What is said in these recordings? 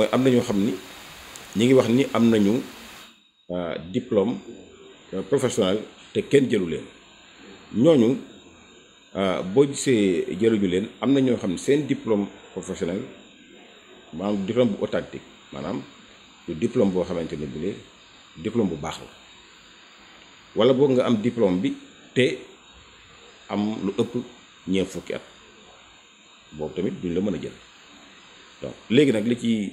mooy am na ñoo xam ni ñi ngi wax ni am nañu euh, diplôme euh, professionnel te kenn jëlu leen ñooñu euh, boo gisee jëluñu leen am na ñoo xam ne seen diplôme professionnel maanaam diplôme bu authentique maanaam du diplôme boo xamante ne bii diplôme bu baax la wala boog nga am diplome bi te am lu ëpp ñeent fukki at boobu tamit duñ la mën a jël léegi nag li ci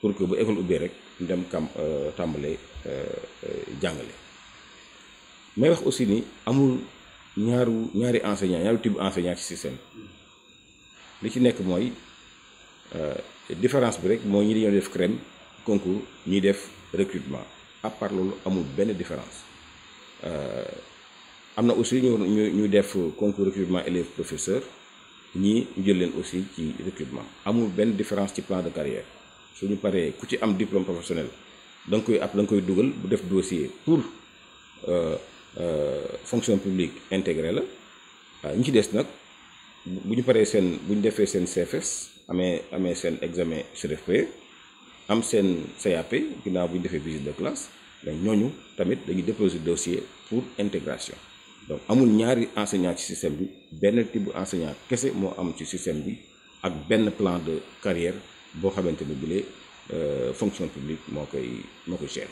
pour que bu école ubbee rek ñu dem kam euh, tàmbale euh, euh, jàngale may wax aussi ni amul ñaaru ñaari enseignant ñaari type enseignant ci seen li ci nekk mooy différence bi rek mooy ñi dañoo def crème concours ñuy def recrutement à part loolu amul benn différence am na aussi ñu ñu ñu def concours recrutement élève professeur ñii ñu jël leen aussi ci recrutement amul benn différence ci plan de carrière suñu paré ku ci am diplôme professionnel dang koy app dang koy dugal bu def dossier pour euh, euh, fonction publique intégrée la ah, ñi ci dess nak bu paré sen buñu défé sen CFS amé amé sen examen CRFP e, am sen CAP ginnaaw buñu défé visite de classe donc ñooñu tamit dañuy déposer dossier pour intégration donc amul ñaari enseignant ci système bi benn type enseignant kese mo am ci système bi ak benn plan de carrière boo xamante ni bi lee euh, fonction publique moo koy moo koy